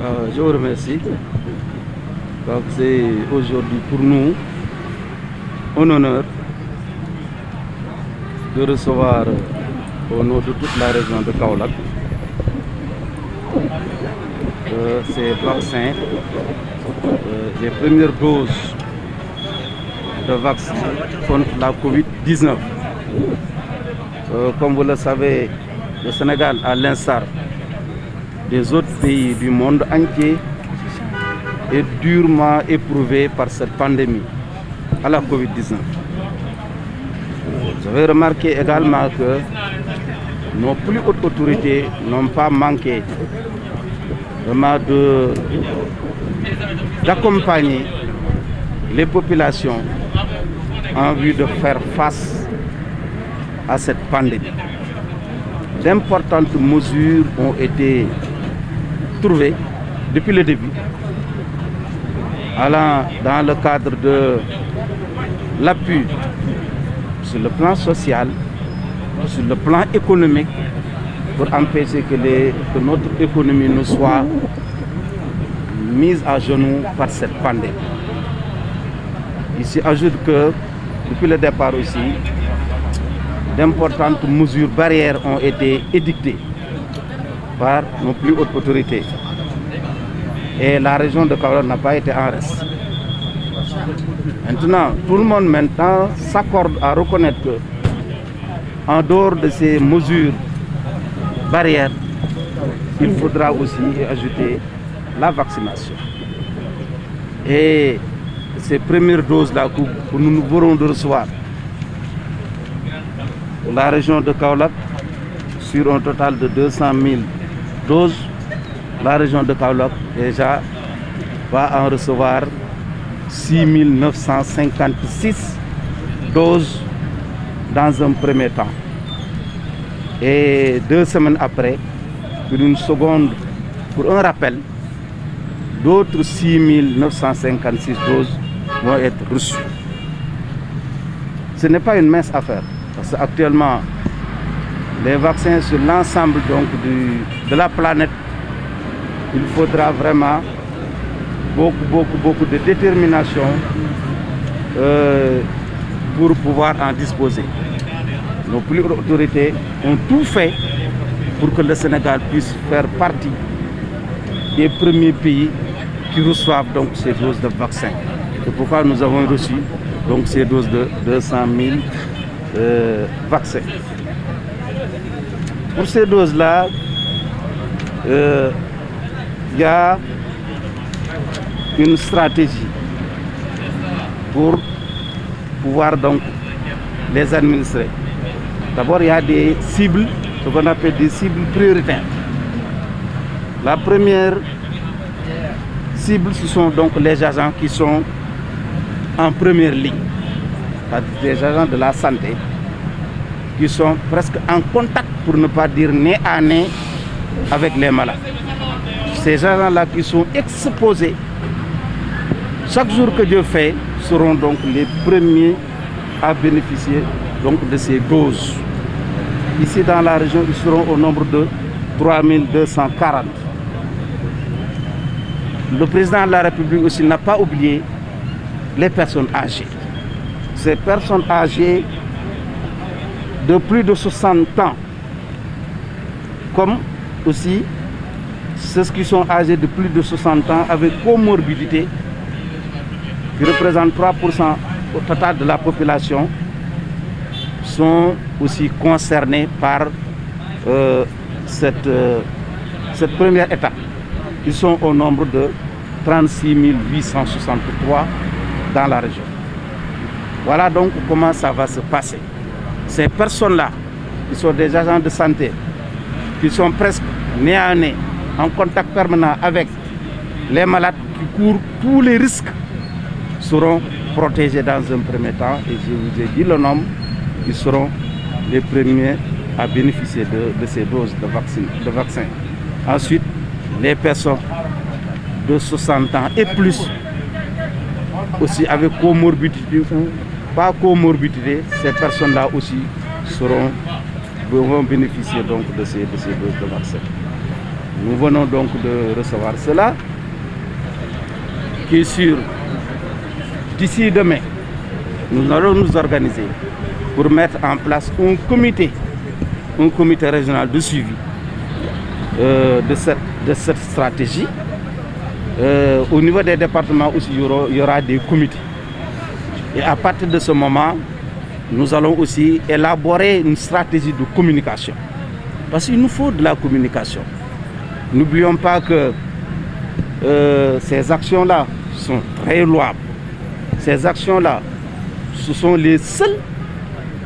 Ah, je vous remercie. C'est aujourd'hui pour nous un honneur de recevoir au nom de toute la région de Kaolak euh, ces vaccins, euh, les premières doses de vaccins contre la COVID-19. Euh, comme vous le savez, le Sénégal, a l'instar des autres pays du monde entier est durement éprouvée par cette pandémie à la Covid-19. Vous avez remarqué également que nos plus hautes autorités n'ont pas manqué vraiment d'accompagner les populations en vue de faire face à cette pandémie. D'importantes mesures ont été trouvé depuis le début, dans le cadre de l'appui sur le plan social, sur le plan économique, pour empêcher que, que notre économie ne soit mise à genoux par cette pandémie. Ici, ajoute que depuis le départ aussi, d'importantes mesures barrières ont été édictées par nos plus hautes autorités. Et la région de Kaolin n'a pas été en reste. Maintenant, tout le monde s'accorde à reconnaître que, en dehors de ces mesures barrières, il faudra aussi ajouter la vaccination. Et ces premières doses-là que nous nous pourrons de recevoir, la région de Kaolap, sur un total de 200 000 doses, la région de Kaolok déjà va en recevoir 6 956 doses dans un premier temps. Et deux semaines après, pour une seconde, pour un rappel, d'autres 6 956 doses vont être reçues. Ce n'est pas une mince affaire, parce qu'actuellement, les vaccins sur l'ensemble de la planète, il faudra vraiment beaucoup, beaucoup, beaucoup de détermination euh, pour pouvoir en disposer. Nos plus autorités ont tout fait pour que le Sénégal puisse faire partie des premiers pays qui reçoivent donc ces doses de vaccins. C'est pourquoi nous avons reçu donc ces doses de 200 000 euh, vaccins. Pour ces doses-là, il euh, y a une stratégie pour pouvoir donc les administrer. D'abord, il y a des cibles, ce qu'on appelle des cibles prioritaires. La première cible, ce sont donc les agents qui sont en première ligne, les agents de la santé, qui sont presque en contact, pour ne pas dire nez à nez, avec les malades. Ces gens-là qui sont exposés, chaque jour que Dieu fait, seront donc les premiers à bénéficier donc de ces doses. Ici dans la région, ils seront au nombre de 3240. Le président de la République aussi n'a pas oublié les personnes âgées. Ces personnes âgées de plus de 60 ans, comme aussi ceux qui sont âgés de plus de 60 ans avec comorbidité, qui représentent 3% au total de la population, sont aussi concernés par euh, cette, euh, cette première étape. Ils sont au nombre de 36 863 dans la région. Voilà donc comment ça va se passer. Ces personnes-là, qui sont des agents de santé, qui sont presque nez à nez, en contact permanent avec les malades qui courent tous les risques, seront protégés dans un premier temps. Et je vous ai dit le nombre, ils seront les premiers à bénéficier de, ces doses de vaccins. Ensuite, les personnes de 60 ans et plus, aussi avec comorbidité pas comorbidité, ces personnes-là aussi seront, vont bénéficier donc de ces, de doses de vaccin. Nous venons donc de recevoir cela, qui est sûr, d'ici demain, nous allons nous organiser pour mettre en place un comité, un comité régional de suivi euh, de, cette, de cette stratégie. Euh, au niveau des départements aussi, il y aura des comités. Et à partir de ce moment, nous allons aussi élaborer une stratégie de communication. Parce qu'il nous faut de la communication. N'oublions pas que euh, ces actions-là sont très louables. Ces actions-là, ce sont les seules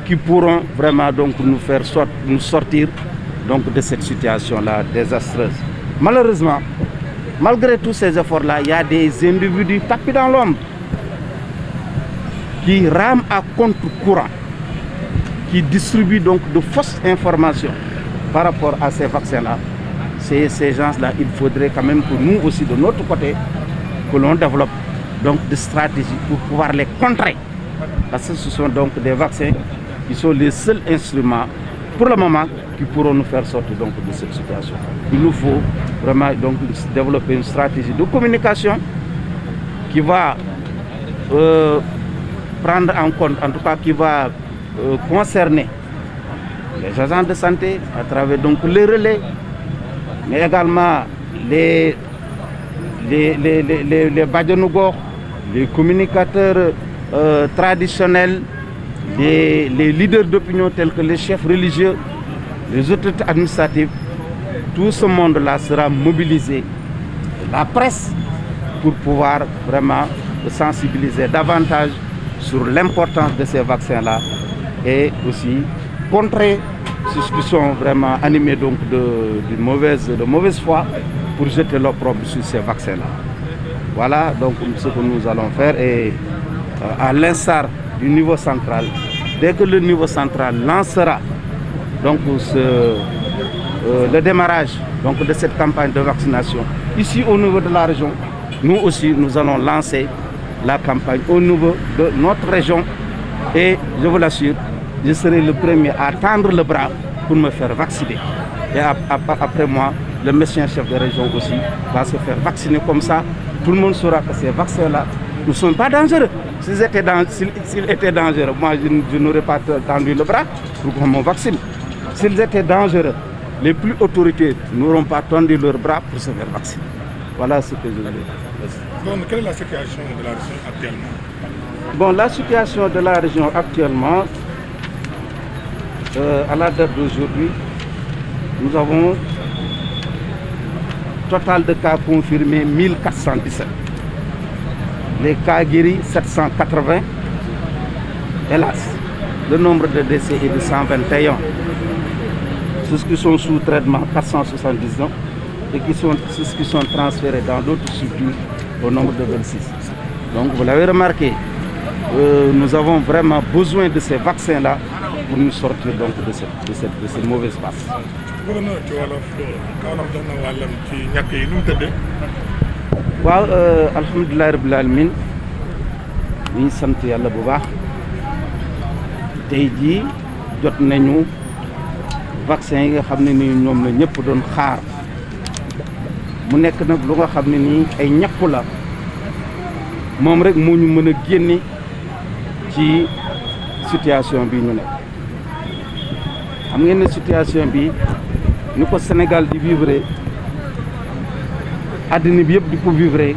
qui pourront vraiment donc nous faire nous sortir donc de cette situation-là désastreuse. Malheureusement, malgré tous ces efforts-là, il y a des individus tapis dans l'ombre qui rame à contre-courant, qui distribue donc de fausses informations par rapport à ces vaccins-là, ces, ces gens-là, il faudrait quand même que nous aussi, de notre côté, que l'on développe donc des stratégies pour pouvoir les contrer. Parce que ce sont donc des vaccins qui sont les seuls instruments, pour le moment, qui pourront nous faire sortir donc de cette situation. Il nous faut vraiment donc développer une stratégie de communication qui va euh, prendre en compte, en tout cas qui va euh, concerner les agents de santé à travers donc les relais, mais également les, les, les, les, communicateurs euh, traditionnels, les, leaders d'opinion tels que les chefs religieux, les autorités administratifs, tout ce monde-là sera mobilisé. La presse pour pouvoir vraiment sensibiliser davantage sur l'importance de ces vaccins-là et aussi contrer ceux qui sont vraiment animés donc de, mauvaise, de mauvaise foi pour jeter leur propre sur ces vaccins-là. Voilà donc ce que nous allons faire et euh, à l'instar du niveau central, dès que le niveau central lancera donc euh, le démarrage donc, de cette campagne de vaccination, ici au niveau de la région, nous aussi nous allons lancer la campagne au niveau de notre région. Et je vous l'assure, je serai le premier à tendre le bras pour me faire vacciner. Et après moi, le médecin chef de région aussi va se faire vacciner comme ça. Tout le monde saura que ces vaccins-là ne sont pas dangereux. S'ils étaient, dangereux, moi je, n'aurais pas tendu le bras pour qu'on me vaccine. S'ils étaient dangereux, les plus autorités n'auront pas tendu leur bras pour se faire vacciner. Voilà ce que je veux dire. Donc, quelle est la situation de la région actuellement Bon, la situation de la région actuellement, euh, à la date d'aujourd'hui, nous avons total de cas confirmés 1417. Les cas guéris 780. Hélas, le nombre de décès est de 121. Ceux qui sont sous traitement 470 ans. et qui sont, ceux qui sont transférés dans d'autres structures au nombre de 26. Donc vous l'avez remarqué, euh, nous avons vraiment besoin de ces vaccins-là pour nous sortir donc de cette, de cette, de mauvaise passe. waaw euh, alhamdulilah rabil alamin ñu sant yàlla bu baax tey jii jot nañu vaccin yi nga xam ne ni ñoom la ñëpp doon xaar mu nekk nag lu nga xam ne nii ay ñàpp la moom rek moo ñu mën a génne ci situation bi ñu nekk xam ngeen na situation bi ni ko senegal di vivre àddina bi yëpp di ko vivre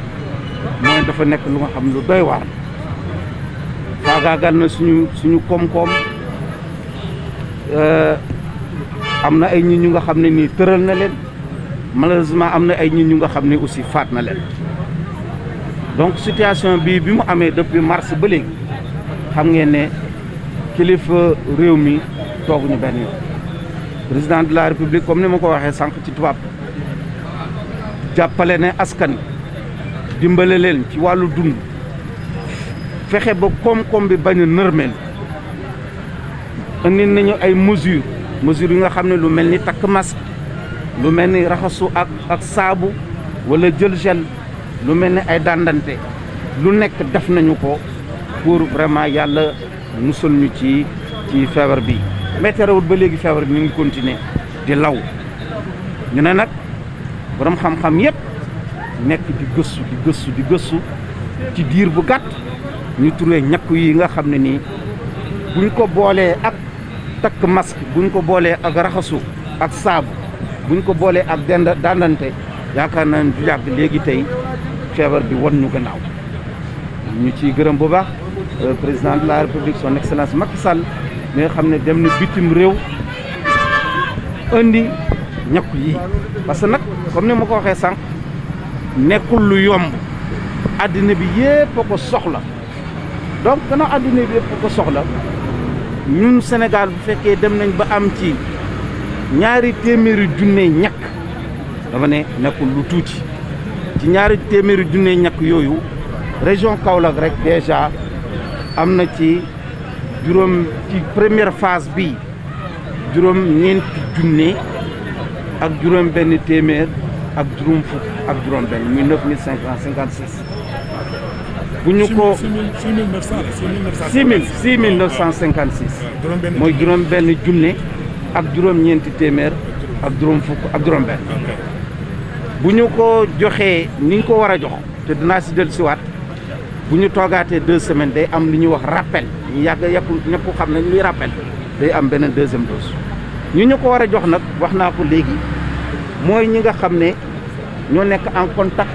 mooy dafa nekk lu nga xam lu doy waar faagaagal na suñu suñu koom-koom euh, am na ay nit ñu nga xam ne nii tëral na leen malheureusement am na ay nit ñu nga xam ne aussi faat na leen donc situation bi bi mu amee dëpp mars ba léegi xam ngeen ne kilifa réew mi tooguñu benn yoon président de la république comme ni ma ko waxee sànq ci tubaab jàppale ne askan dimbale leen ci wàllu dund fexe ba koom-koom bi bañ a nërmeel indi nañu ay mesures mesures yi nga xam ne lu mel ni takk masque lu mel ni raxasu ak ak saabu walla jël gel lu mel ni ay dàndante lu nekk def nañu ko pour vraiment yàlla musal ñu ci ci feebar bi mais terewul ba léegi feebar bi ñu ngi continuer di law ñu ne nag borom xam-xam yépp nekk di gëstu di gëstu di gëstu ci diir bu gàtt ñu turee ñakk yi nga xam ne nii buñ ko boolee ak takk masque buñ ko boolee ak raxasu ak saabu buñ ko bolé ak dend dandante yaakaar naa du yàgg léegi tey feebar bi won ñu gannaaw ñu ci gërëm bu baax euh, président de la république son excellence Macky Sall mi nga xamné dem na bitim réew indi ñakku yii parce nak comme ni mako waxé sank nekul lu yomb addina bi yépp ko soxla donc gannaaw addina bi yépp ko soxla ñun Sénégal bu féké dem nañ ba am ci ñaari téeméeri junne ñàkk dama ne nekkul lu tuuti ci ñaari téeméeri junne ñàkk yooyu région Kaolack rek déjà am na ci juróom ci première phase bi juróom ñeenti junne ak juróom benn téeméer ak juróom fukk ak juróom benn muy neuf mille cinq cent cinquante six bu ñu ko six mooy juróom benn junne ak juróom-ñeenti téeméer ak juróom fukk ak juróom benn bu ñu ko joxee ni ko war a jox te dinaa si del siwaat bu ñu toogaatee deux semaines day am lu ñuy wax rappel ñu yàgg yàpp ñëpp xam ne luy rappel day am beneen deuxième dose ñu ñu ko war a jox nag wax naa ko léegi mooy ñi nga xam ne ñoo nekk en contact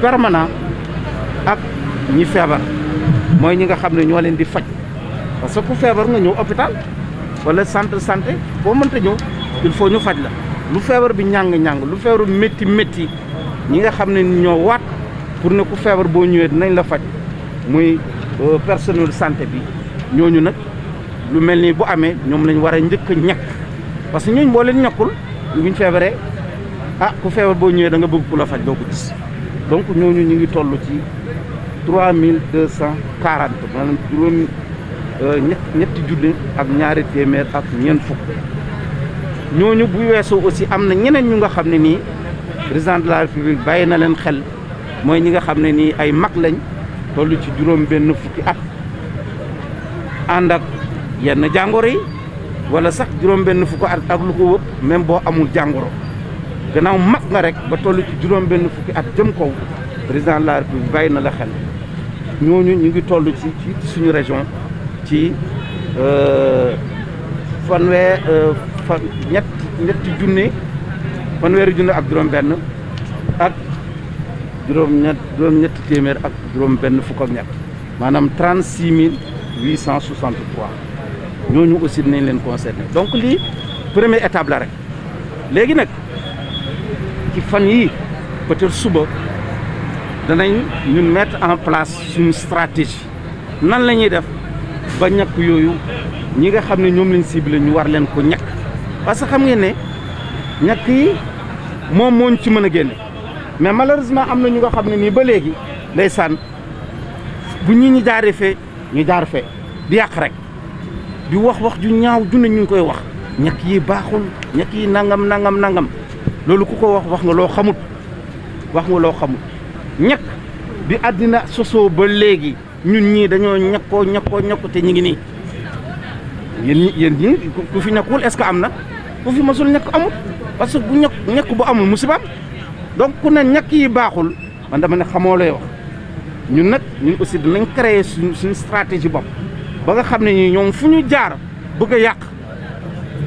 permanent ak ñi feebar mooy ñi nga xam ne ñoo leen di faj parce ku feebar nga ñëw hôpital wala centre santé boo mënta ñëw il faut ñu faj la lu fièvre bi ñang ñang lu fièvre metti metti métti ñi nga xam ne ñoo waat pour ne ku fièvre bo ñëwee dinañ la faj muy euh, personnel santé bi ñoñu nak lu melni bu amé ñom lañ war ñëk ñak parce que ñu boo leen ñàkkul buñ feebaree ah ku fièvre bo ñëwee da nga bëgg ku la faj doo ko gis donc ñoñu ñi ngi tollu ci 3240 mille deux Euh, ñett ñetti junni ak ñaari téeméer ak ñeent fukk ñooñu bu weesoo aussi am na ñeneen ñu nga xam ne nii président de la république bàyyi na leen xel mooy ñi nga xam ne nii ay mag lañ toll ci juróom benn fukki at ànd ak yenn jàngoro yi wala sax juróom benn ak lu wëpp même boo amul jàngoro gannaaw mag nga rek ba toll ci juróom benn fukki at jëm kaw président de la république na la xel ñooñu ñu ngi tollu ci ci suñu région ci euh, fanweer euh, fan ñett ñetti junni fanweeri junni ak juróom-benn ak juróom-ñett juróom-ñetti téeméer ak juróom-benn fukk ñett maanaam trente six mille huit cent ñooñu aussi dinañ leen concerné donc lii première étape la rek léegi nag ci fan yi peut-être suba danañ ñun mettre en place suñu stratégie nan la ñuy def. ba ñàkk yooyu ñi nga xam ne ñoom lañ ciblé ñu war leen ko ñàkk parce que xam ngeen ne ñekk yi moom mooñ ci mën a génne mais malheureusement am na ñu nga xam ne nii ba léegi ndeysaan bu ñi ñi jaaree fee ñu jaar fee di yàq rek di wax wax ju ñaaw ju ne ñu ngi koy wax ñàkk yi baaxul ñàkk yi nangam nangam nangam loolu ku ko wax wax nga loo xamut wax nga loo xamut ñàkk bi àddina sosoo ba léegi ñun ñi dañoo ñakko ñakko ñakko te ñi ngi ni yeen yeen ñi ku fi ñakkul est ce amna ku fi masul ñak amu parce que bu ñak ñak bu amu musibaam donc ku ne ñak yi baxul man dama ne xamoo lay wax ñun nak ñun aussi dinañ créer suñ stratégie bop ba nga ñi ñom fuñu jaar bëgg yaq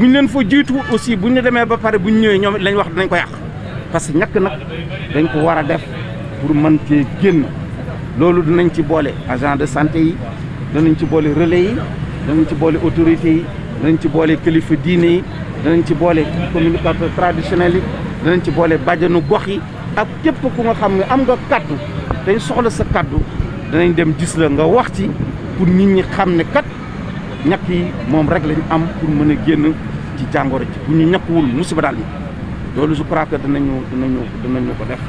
leen fa jitu aussi buñ ne ba paré buñ ñëw ñom lañ wax dinañ ko yaq parce que ñak nak dañ ko wara def pour man ci génn loolu dinañ ci boole agent de santé yi danañ ci boole relais yi danañ ci boole autorités yi danañ ci boole kilifa diine yi danañ ci boole communicateur traditionnel yi danañ ci boole bàjjanu gox yi ak képp ku nga xam ne am nga kaddu dañ soxla sa kàddu danañ dem gis la nga wax ci pour nit ñi xam ne kat ñàkk yi moom rek lañ am pour mën a génn ci jàngoro ji bu ñu ñàkkuwul musiba daal loolu je crois que danañu danañu danañu ko def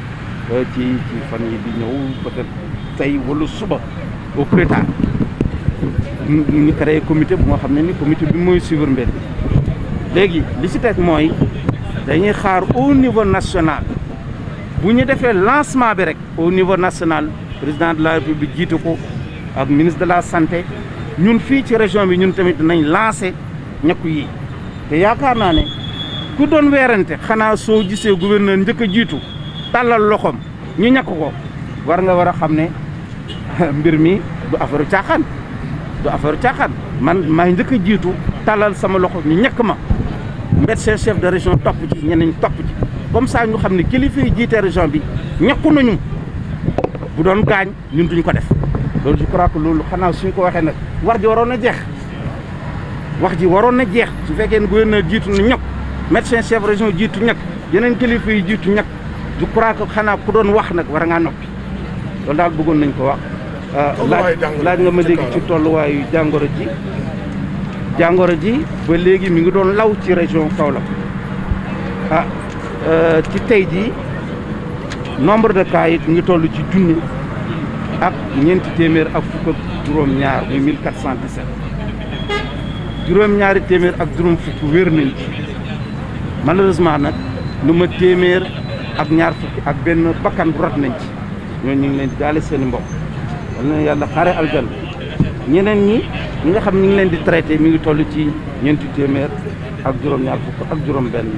euh, ci ci fan yi di ñëw peut tey wala suba au plus tard ñu créé comité bu nga xam ne ni comité bi mooy suivre léegi li ci teg mooy dañuy xaar au niveau national bu ñu defee lancement bi rek au niveau national président de la république jiite ko ak ministre de la santé ñun fii ci région bi ñun tamit nañ lancé ñakku yi te yaakaar naa ne ku doon weerante xanaa soo gisee gouverneur njëkk a jiitu tàllal loxoom ñu ñakk ko war nga war a xam ne mbir mi du affaire caaxaan du affaire caaxaan man maa ngi jitu talal sama loxo ñu ñekk ma médecin chef de région top ci ñeneen top ci comme ça ñu xamni ne kilifa yi jiite région bi ñekku nañu bu doon gañ ñun duñ ko def lolu je crois que loolu xanaa suñ ko waxee nak war ji warona na jeex wax ji warona na jeex su fekkee ne gouverneur jitu na ñekk médecin chef de région jitu ñekk yeneen kilifa yi jiitu ñekk je crois que xanaa ku doon wax nak war nga noppi lolu dal bëggoon nañ ko wax Ah, laaj nga ma léegi ci tolluwaayu jàngoro ji jàngoro ji ba léegi mi ngi doon law ci région Kaolack ah euh, ci tey jii nombre de cas yi ngi toll ci junni ak ñeenti téeméer ak fukk ak juróom-ñaar juróom-ñaari téeméer ak juróom fukk wér nañ ci malheureusement nag lu ma téeméer ak ñaar fukki ak benn bakkan rot nañ ci ñooñu ñu ngi leen di daale seen i yal na yàlla xare aljan ñeneen ñi ñi nga xam ñi ngi leen di traité mi ngi toll ci ñeenti téeméer ak juróom-ñaar fukk ak juróom-benn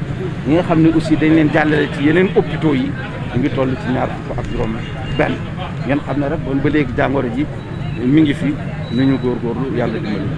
ñi nga xam ne aussi dañ leen jàllale ci yeneen hôpitaux yi ñu ngi toll ci ñaar fukk ak juróom-benn ngeen xam ne rek bon ba léegi jàngoro ji mi ngi fi nu ñu góor góorgóorlu yàlla dimbali.